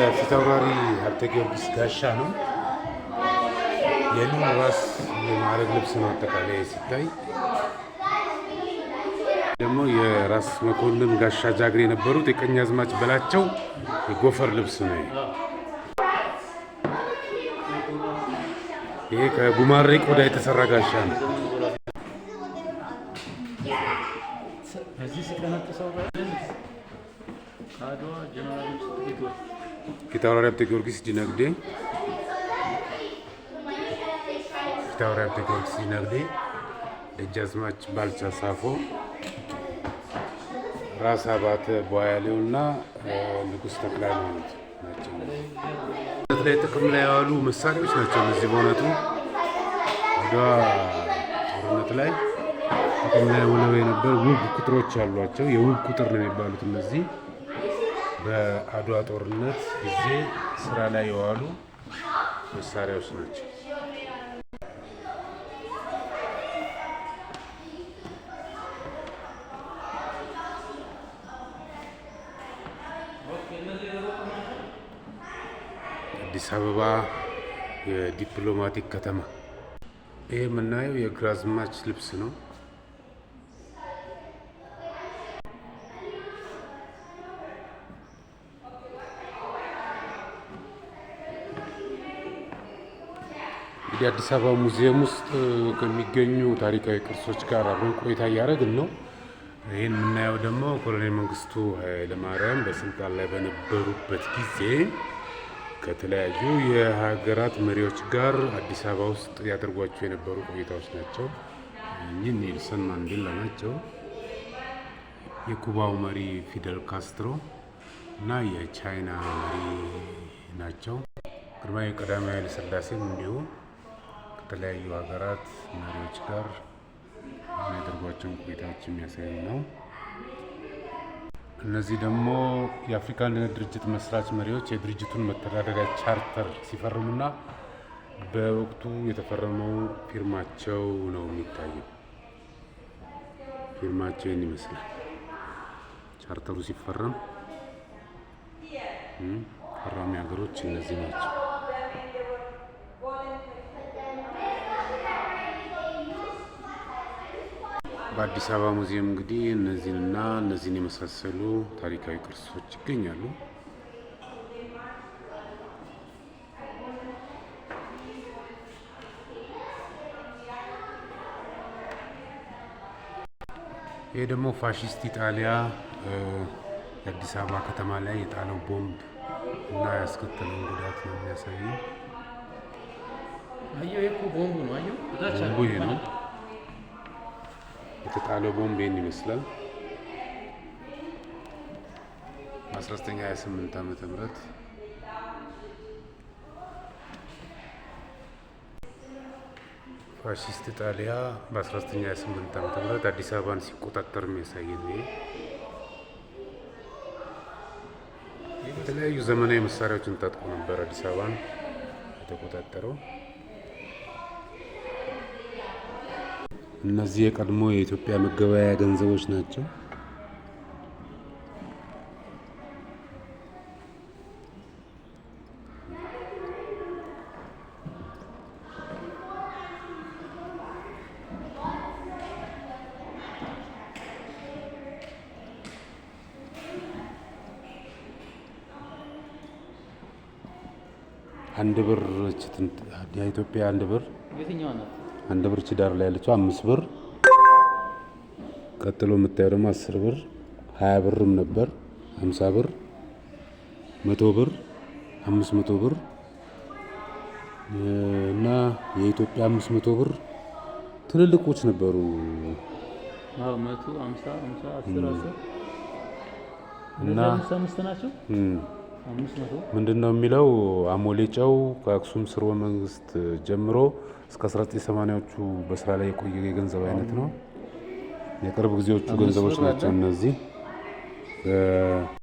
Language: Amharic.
የፊታውራሪ ሀብተ ጊዮርጊስ ጋሻ ነው። የሉም ራስ የማዕረግ ልብስ ነው። አጠቃላይ ሲታይ ደግሞ የራስ መኮንን ጋሻ ጃግሬ የነበሩት የቀኝ አዝማች በላቸው የጎፈር ልብስ ነው። ይሄ ከጉማሬ ቆዳ የተሰራ ጋሻ ነው። ፊታውራሪ ሀብተ ጊዮርጊስ ዲነግዴ ፊታውራሪ ሀብተ ጊዮርጊስ ዲነግዴ፣ ደጃዝማች ባልቻ ሳፎ፣ ራስ አባተ ቧያሌው እና ንጉሥ ተክለ ሃይማኖት ናቸው። ላይ ጥቅም ላይ ያዋሉ መሳሪያዎች ናቸው። እነዚህ በእውነቱ አድዋ ጦርነት ላይ ጥቅም ላይ ውለው የነበር ውብ ቁጥሮች አሏቸው። የውብ ቁጥር ነው የሚባሉት እነዚህ በአድዋ ጦርነት ጊዜ ስራ ላይ የዋሉ መሳሪያዎች ናቸው። አዲስ አበባ የዲፕሎማቲክ ከተማ። ይህ የምናየው የግራዝማች ልብስ ነው። እንግዲህ አዲስ አበባ ሙዚየም ውስጥ ከሚገኙ ታሪካዊ ቅርሶች ጋር አብረን ቆይታ እያደረግን ነው። ይህን የምናየው ደግሞ ኮሎኔል መንግስቱ ኃይለማርያም በስልጣን ላይ በነበሩበት ጊዜ ከተለያዩ የሀገራት መሪዎች ጋር አዲስ አበባ ውስጥ ያደርጓቸው የነበሩ ቆይታዎች ናቸው። እኚህ ኔልሰን ማንዴላ ናቸው። የኩባው መሪ ፊደል ካስትሮ እና የቻይና መሪ ናቸው። ግርማዊ ቀዳማዊ ኃይለ ሥላሴም እንዲሁ ከተለያዩ ሀገራት መሪዎች ጋር የሚያደርጓቸውን ቆይታዎች የሚያሳይ ነው። እነዚህ ደግሞ የአፍሪካ አንድነት ድርጅት መስራች መሪዎች የድርጅቱን መተዳደሪያ ቻርተር ሲፈርሙና በወቅቱ የተፈረመው ፊርማቸው ነው የሚታየው። ፊርማቸውን ይመስላል ቻርተሩ ሲፈረም ፈራሚ ሀገሮች እነዚህ ናቸው። በአዲስ አበባ ሙዚየም እንግዲህ እነዚህንና እነዚህን የመሳሰሉ ታሪካዊ ቅርሶች ይገኛሉ። ይህ ደግሞ ፋሽስት ኢጣሊያ የአዲስ አበባ ከተማ ላይ የጣለው ቦምብ እና ያስከተለውን ጉዳት ነው የሚያሳየው። አየሁ እኮ ቦምቡ ነው። አየሁ ቦምቡ ይሄ ነው። የተጣለው ቦምብ ይህን ይመስላል። በ1928 ዓመተ ምህረት ፋሽስት ጣሊያ በ1928 ዓመተ ምህረት አዲስ አበባን ሲቆጣጠር የሚያሳይ ነው። የተለያዩ ዘመናዊ መሳሪያዎችን ታጥቆ ነበር አዲስ አበባን የተቆጣጠረው። እነዚህ የቀድሞ የኢትዮጵያ መገበያያ ገንዘቦች ናቸው። አንድ ብር የኢትዮጵያ አንድ ብር የትኛዋ ናት? አንድ ብር ዳር ላይ ያለችው አምስት ብር፣ ቀጥሎ የምታየው ደግሞ አስር ብር፣ ሀያ ብርም ነበር፣ ሀምሳ ብር፣ መቶ ብር፣ አምስት መቶ ብር እና የኢትዮጵያ አምስት መቶ ብር ትልልቆች ነበሩ። እና ናቸው። ምንድን ነው የሚለው አሞሌ ጨው ከአክሱም ስርወ መንግስት ጀምሮ እስከ 1980ዎቹ በስራ ላይ የቆየ የገንዘብ አይነት ነው። የቅርብ ጊዜዎቹ ገንዘቦች ናቸው እነዚህ።